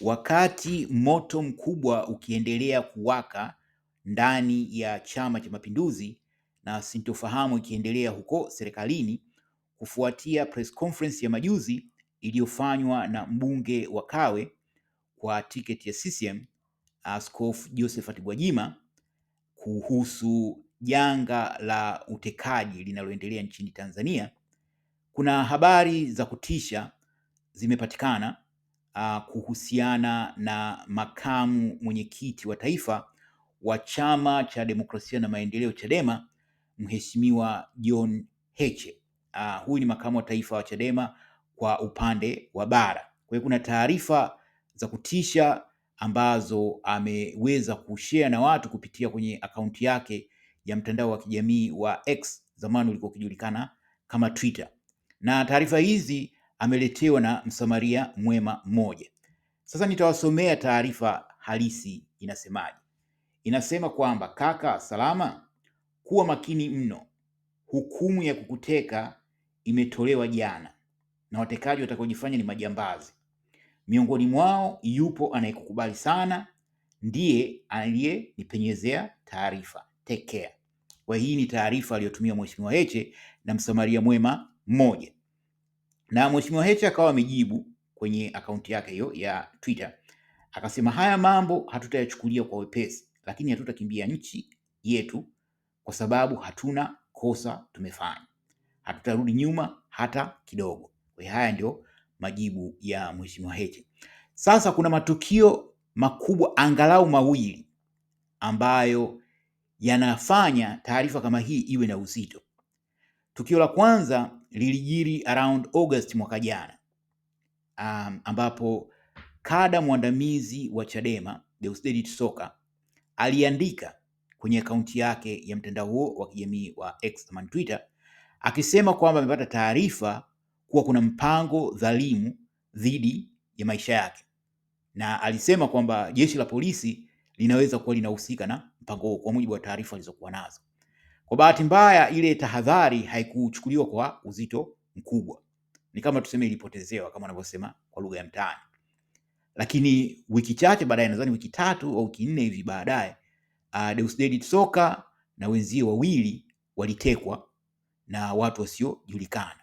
Wakati moto mkubwa ukiendelea kuwaka ndani ya Chama cha Mapinduzi na sintofahamu ikiendelea huko serikalini kufuatia press conference ya majuzi iliyofanywa na mbunge wa Kawe kwa tiketi ya CCM Askofu Josephat Gwajima kuhusu janga la utekaji linaloendelea nchini Tanzania, kuna habari za kutisha zimepatikana uh, kuhusiana na makamu mwenyekiti wa taifa wa chama cha demokrasia na maendeleo Chadema, Mheshimiwa John Heche. Uh, huyu ni makamu wa taifa wa Chadema kwa upande wa bara. Kwa hiyo kuna taarifa za kutisha ambazo ameweza kushare na watu kupitia kwenye akaunti yake ya mtandao wa kijamii wa X, zamani ulikuwa ukijulikana kama Twitter. Na taarifa hizi ameletewa na Msamaria mwema mmoja. Sasa nitawasomea taarifa halisi inasemaje. Inasema kwamba kaka salama, kuwa makini mno, hukumu ya kukuteka imetolewa jana, na watekaji watakaojifanya ni majambazi. Miongoni mwao yupo anayekukubali sana, ndiye aliyenipenyezea taarifa. Tekea. Kwa hii ni taarifa aliyotumia Mheshimiwa Heche na Msamaria mwema mmoja na Mheshimiwa Heche akawa amejibu kwenye akaunti yake hiyo ya Twitter akasema, haya mambo hatutayachukulia kwa wepesi, lakini hatutakimbia nchi yetu kwa sababu hatuna kosa tumefanya, hatutarudi nyuma hata kidogo. Kwa haya ndio majibu ya Mheshimiwa Heche. Sasa kuna matukio makubwa angalau mawili ambayo yanafanya taarifa kama hii iwe na uzito. Tukio la kwanza lilijiri around August mwaka jana, um, ambapo kada mwandamizi wa Chadema Deusdedith Soka aliandika kwenye akaunti yake ya mtandao huo wa kijamii wa X ama Twitter akisema kwamba amepata taarifa kuwa kuna mpango dhalimu dhidi ya maisha yake, na alisema kwamba jeshi la polisi linaweza kuwa linahusika na mpango huo kwa mujibu wa taarifa alizokuwa nazo. Kwa bahati mbaya, ile tahadhari haikuchukuliwa kwa uzito mkubwa, ni kama tuseme ilipotezewa, kama wanavyosema kwa lugha ya mtaani. Lakini wiki chache baadaye, nadhani wiki tatu au wiki nne hivi baadaye, uh, ah, Deusdedit Soka na wenzie wawili walitekwa na watu wasiojulikana,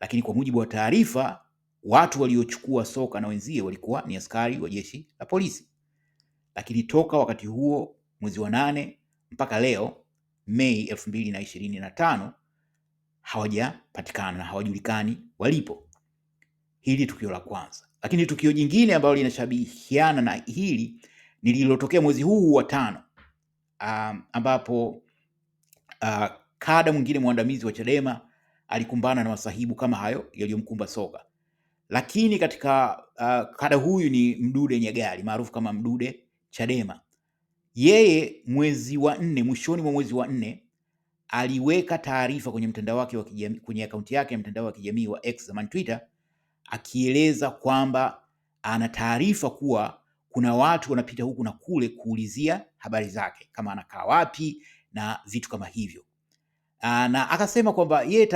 lakini kwa mujibu wa taarifa, watu waliochukua Soka na wenzie walikuwa ni askari wa jeshi la polisi. Lakini toka wakati huo mwezi wa nane mpaka leo Mei elfu mbili na ishirini na tano hawajapatikana na hawajulikani walipo. Hili tukio la kwanza, lakini tukio jingine ambalo linashabihiana na hili ni lililotokea mwezi huu wa tano, um, ambapo uh, kada mwingine mwandamizi wa Chadema alikumbana na masahibu kama hayo yaliyomkumba Soga, lakini katika uh, kada huyu ni Mdude Nyagali maarufu kama Mdude Chadema yeye mwezi wa nne, mwishoni mwa mwezi wa nne aliweka taarifa kwenye mtandao wake wa kijamii, kwenye akaunti yake ya mtandao wa kijamii wa X zamani Twitter, akieleza kwamba ana taarifa kuwa kuna watu wanapita huku na kule kuulizia habari zake, kama anakaa wapi na vitu kama hivyo, ah, na akasema kwamba yeye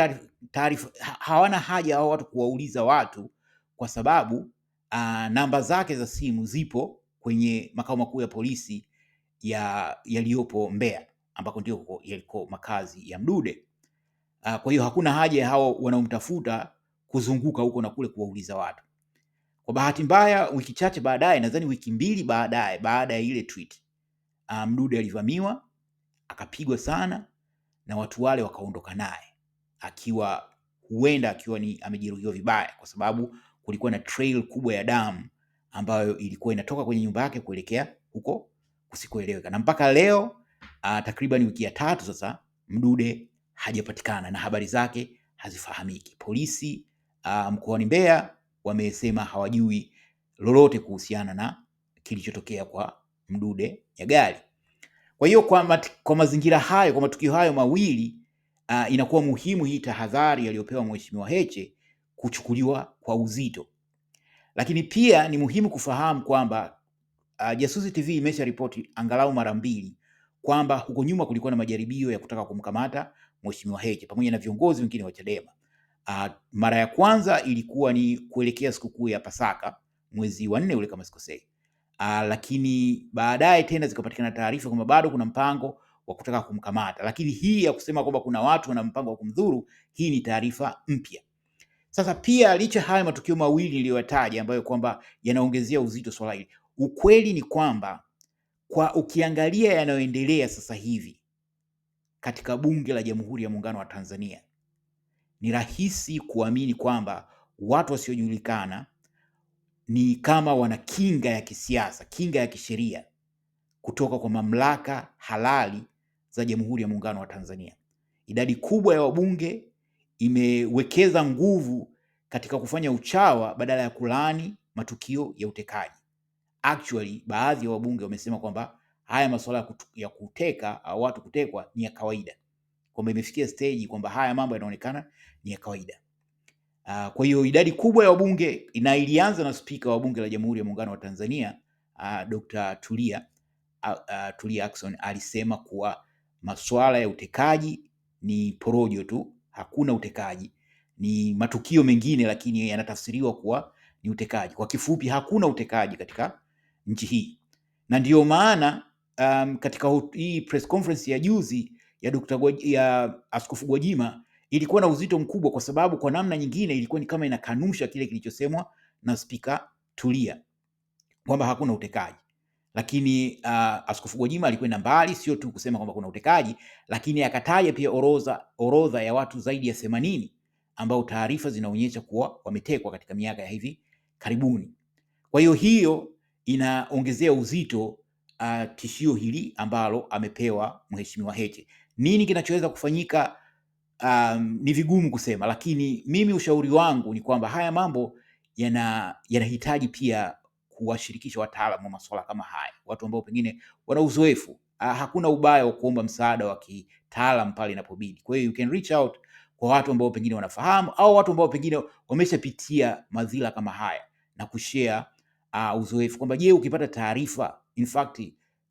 taarifa, hawana haja hao watu kuwauliza watu kwa sababu ah, namba zake za simu zipo kwenye makao makuu ya polisi yaliyopo Mbeya ambako ndio yaliko makazi ya Mdude. Ah, kwa hiyo hakuna haja ya hao wanaomtafuta kuzunguka huko na kule kuwauliza watu. Kwa bahati mbaya, wiki chache baadaye, nadhani wiki mbili baadaye, baada ya ile tweet, ah, Mdude alivamiwa akapigwa sana na watu wale wakaondoka naye akiwa huenda akiwa ni amejeruhiwa vibaya, kwa sababu kulikuwa na trail kubwa ya damu ambayo ilikuwa inatoka kwenye nyumba yake kuelekea huko kusikueleweka, na mpaka leo uh, takriban wiki ya tatu sasa Mdude hajapatikana na habari zake hazifahamiki. Polisi uh, mkoani Mbeya wamesema hawajui lolote kuhusiana na kilichotokea kwa Mdude Nyagali. Kwa hiyo kwa, kwa mazingira hayo, kwa matukio hayo mawili uh, inakuwa muhimu hii tahadhari aliyopewa Mheshimiwa Heche kuchukuliwa kwa uzito, lakini pia ni muhimu kufahamu kwamba Uh, Jasusi TV imesha ripoti angalau mara mbili kwamba huko nyuma kulikuwa na majaribio ya kutaka kumkamata Mheshimiwa Heche pamoja na viongozi wengine wa Chadema. Uh, mara ya kwanza ilikuwa ni kuelekea sikukuu ya Pasaka mwezi wa nne ule kama sikosei. Uh, lakini baadaye tena zikapatikana taarifa kwamba bado kuna mpango wa kutaka kumkamata, lakini hii ya kusema kwamba kuna watu wana mpango wa kumdhuru, hii ni taarifa mpya. Sasa pia licha haya matukio mawili niliyoyataja ambayo kwamba yanaongezea uzito swala hili Ukweli ni kwamba kwa ukiangalia yanayoendelea sasa hivi katika Bunge la Jamhuri ya Muungano wa Tanzania ni rahisi kuamini kwamba watu wasiojulikana ni kama wana kinga ya kisiasa, kinga ya kisheria kutoka kwa mamlaka halali za Jamhuri ya Muungano wa Tanzania. Idadi kubwa ya wabunge imewekeza nguvu katika kufanya uchawa badala ya kulaani matukio ya utekaji actually baadhi ya wabunge wamesema kwamba haya masuala ya kuteka au watu kutekwa ni ya kawaida, kwamba imefikia stage kwamba haya mambo yanaonekana ni ya kawaida. Uh, kwa hiyo idadi kubwa ya wabunge na ilianza na spika wa bunge la Jamhuri ya Muungano wa Tanzania uh, ah, Dr. Tulia uh, uh, Tulia Ackson alisema kuwa masuala ya utekaji ni porojo tu, hakuna utekaji, ni matukio mengine, lakini yanatafsiriwa kuwa ni utekaji. Kwa kifupi, hakuna utekaji katika nchi hii, na ndiyo maana um, katika hii press conference ya juzi ya Dr. Gwajima, ya Askofu Gwajima ilikuwa na uzito mkubwa, kwa sababu kwa namna nyingine ilikuwa ni kama inakanusha kile kilichosemwa na Spika Tulia kwamba hakuna utekaji lakini uh, Askofu Gwajima alikwenda mbali, sio tu kusema kwamba kuna utekaji, lakini akataja pia orodha orodha ya watu zaidi ya themanini ambao taarifa zinaonyesha kuwa wametekwa katika miaka ya hivi karibuni. Kwa hiyo hiyo inaongezea uzito uh, tishio hili ambalo amepewa Mheshimiwa Heche. Nini kinachoweza kufanyika? Um, ni vigumu kusema, lakini mimi ushauri wangu ni kwamba haya mambo yana yanahitaji pia kuwashirikisha wataalamu wa masuala kama haya, watu ambao pengine wana uzoefu uh, hakuna ubaya wa kuomba msaada wa kitaalamu pale inapobidi. Kwa hiyo you can reach out kwa watu ambao pengine wanafahamu au watu ambao pengine wameshapitia madhila kama haya na kushare uh, uzoefu kwamba je, ukipata taarifa, in fact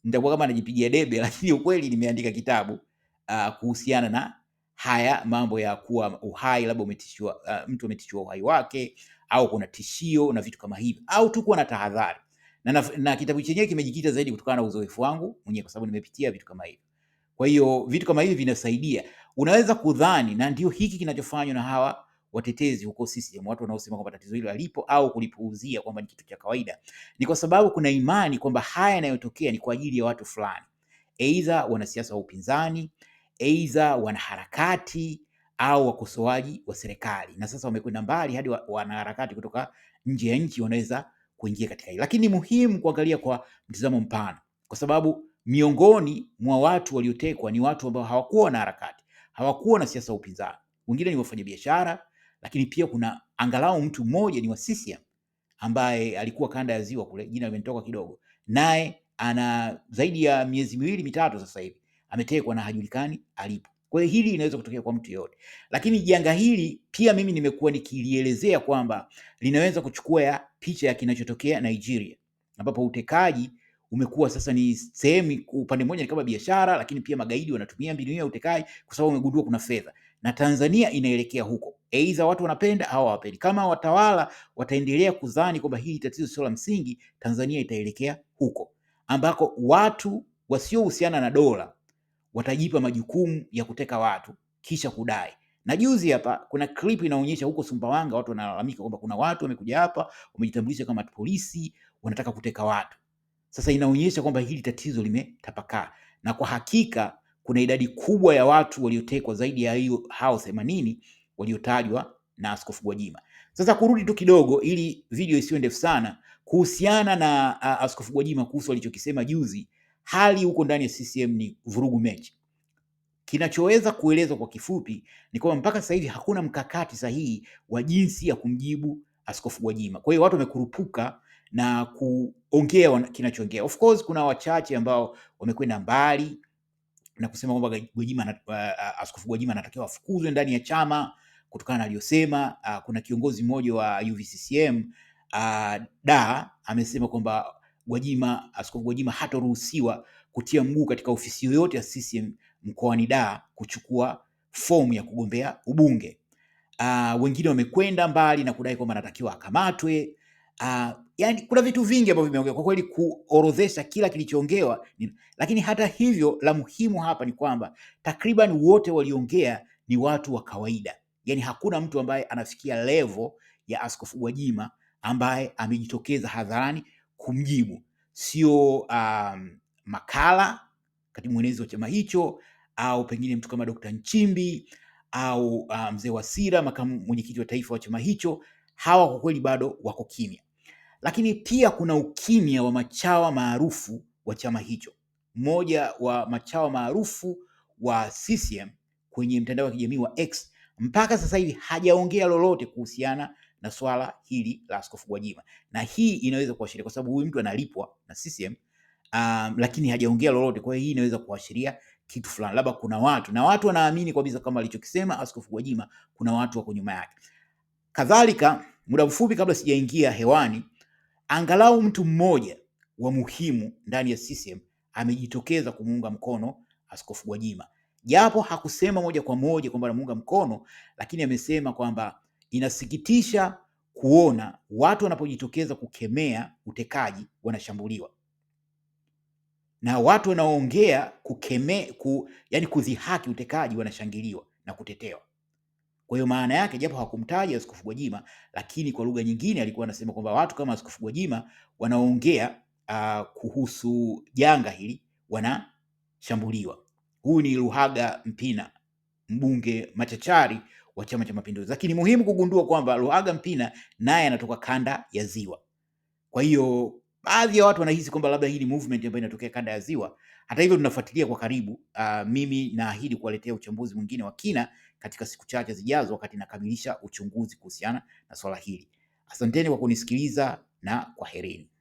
nitakuwa kama najipigia debe, lakini ukweli nimeandika kitabu uh, kuhusiana na haya mambo ya kuwa uhai, labda umetishiwa, uh, mtu ametishiwa uhai wake au kuna tishio na vitu kama hivyo, au tu kuwa na tahadhari na, na, na kitabu chenyewe kimejikita zaidi kutokana na uzoefu wangu mwenyewe, kwa sababu nimepitia vitu kama hivi. Kwa hiyo vitu kama hivi vinasaidia, unaweza kudhani, na ndio hiki kinachofanywa na hawa watetezi huko CCM, watu wanaosema kwamba tatizo hilo halipo au kulipuuzia kwamba ni kitu cha kawaida, ni kwa sababu kuna imani kwamba haya yanayotokea ni kwa ajili ya watu fulani, aidha wanasiasa wa upinzani, aidha wanaharakati au wakosoaji wa serikali. Na sasa wamekwenda mbali hadi wanaharakati kutoka nje ya nchi wanaweza kuingia katika hili, lakini ni muhimu kuangalia kwa mtizamo mpana, kwa sababu miongoni mwa watu waliotekwa ni watu ambao hawakuwa na harakati, hawakuwa na siasa upinzani, wengine ni wafanyabiashara, lakini pia kuna angalau mtu mmoja ni wa CCM ambaye alikuwa kanda ya ziwa kule, jina limetoka kidogo, naye ana zaidi ya miezi miwili mitatu sasa hivi ametekwa na hajulikani alipo. Kwa hiyo hili linaweza kutokea kwa mtu yoyote, lakini janga hili pia mimi nimekuwa nikilielezea kwamba linaweza kuchukua ya picha ya kinachotokea Nigeria, ambapo utekaji umekuwa sasa ni sehemu, upande mmoja ni kama biashara, lakini pia magaidi wanatumia mbinu ya utekaji kwa sababu umegundua kuna fedha, na Tanzania inaelekea huko. Aidha watu wanapenda au hawapendi. Kama watawala wataendelea kudhani kwamba hili tatizo sio la msingi, Tanzania itaelekea huko ambako watu wasiohusiana na dola watajipa majukumu ya kuteka watu kisha kudai. Na juzi hapa kuna clip inaonyesha huko Sumbawanga watu wanalalamika kwamba kuna watu wamekuja hapa wamejitambulisha kama polisi, wanataka kuteka watu. Sasa inaonyesha kwamba hili tatizo limetapakaa, na kwa hakika kuna idadi kubwa ya watu waliotekwa zaidi ya hiyo hao themanini waliotajwa na Askofu Gwajima. Sasa kurudi tu kidogo ili video isiwe ndefu sana kuhusiana na uh, Askofu Gwajima kuhusu alichokisema juzi, hali huko ndani ya CCM ni vurugu mechi. Kinachoweza kuelezwa kwa kifupi ni kwamba mpaka sasa hivi hakuna mkakati sahihi wa jinsi ya kumjibu Askofu Gwajima. Kwa hiyo watu wamekurupuka na kuongea kinachoongea. Of course kuna wachache ambao wamekwenda mbali na kusema kwamba Gwajima, uh, Askofu Gwajima anatakiwa afukuzwe ndani ya chama kutokana na aliyosema. Uh, kuna kiongozi mmoja wa UVCCM uh, ah, da amesema kwamba Gwajima, Askofu Gwajima hataruhusiwa kutia mguu katika ofisi yoyote ya CCM mkoani da kuchukua fomu ya kugombea ubunge. Uh, wengine wamekwenda mbali na kudai kwamba anatakiwa akamatwe. Uh, yani, kuna vitu vingi ambavyo vimeongea kwa kweli, kuorodhesha kila kilichoongewa, lakini hata hivyo, la muhimu hapa ni kwamba takriban wote waliongea ni watu wa kawaida yani hakuna mtu ambaye anafikia levo ya Askofu Gwajima ambaye amejitokeza hadharani kumjibu, sio um, Makala katibu mwenezi wa chama hicho au pengine mtu kama Dr. Nchimbi au uh, mzee um, Wasira makamu mwenyekiti wa taifa wa chama hicho. Hawa kwa kweli bado wako kimya, lakini pia kuna ukimya wa machawa maarufu wa chama hicho. Mmoja wa machawa maarufu wa CCM kwenye mtandao wa kijamii wa X mpaka sasa hivi hajaongea lolote kuhusiana na swala hili la Askofu Gwajima, na hii inaweza kuashiria kwa sababu huyu mtu analipwa na CCM um, lakini hajaongea lolote. Kwa hiyo hii inaweza kuashiria kitu fulani, labda kuna watu na watu wanaamini kabisa kama alichokisema Askofu Gwajima, kuna watu wako nyuma yake. Kadhalika, muda mfupi kabla sijaingia hewani, angalau mtu mmoja wa muhimu ndani ya CCM amejitokeza kumuunga mkono Askofu Gwajima japo hakusema moja kwa moja kwamba anamuunga mkono, lakini amesema kwamba inasikitisha kuona watu wanapojitokeza kukemea utekaji wanashambuliwa na watu wanaoongea kukemea ku, yani kudhihaki utekaji wanashangiliwa na kutetewa. Kwa hiyo maana yake, japo hakumtaja Askofu Gwajima, lakini kwa lugha nyingine alikuwa anasema kwamba watu kama Askofu Gwajima wanaongea uh, kuhusu janga hili wanashambuliwa. Huyu ni Luhaga Mpina, mbunge machachari wa Chama cha Mapinduzi, lakini muhimu kugundua kwamba Luhaga Mpina naye anatoka kanda ya Ziwa. Kwa hiyo baadhi ya watu wanahisi kwamba labda hii ni movement ambayo inatokea kanda ya Ziwa. Hata hivyo, tunafuatilia kwa karibu. Uh, mimi naahidi kuwaletea uchambuzi mwingine wa kina katika siku chache zijazo, wakati nakamilisha uchunguzi kuhusiana na swala hili. Asanteni kwa kunisikiliza na kwaherini.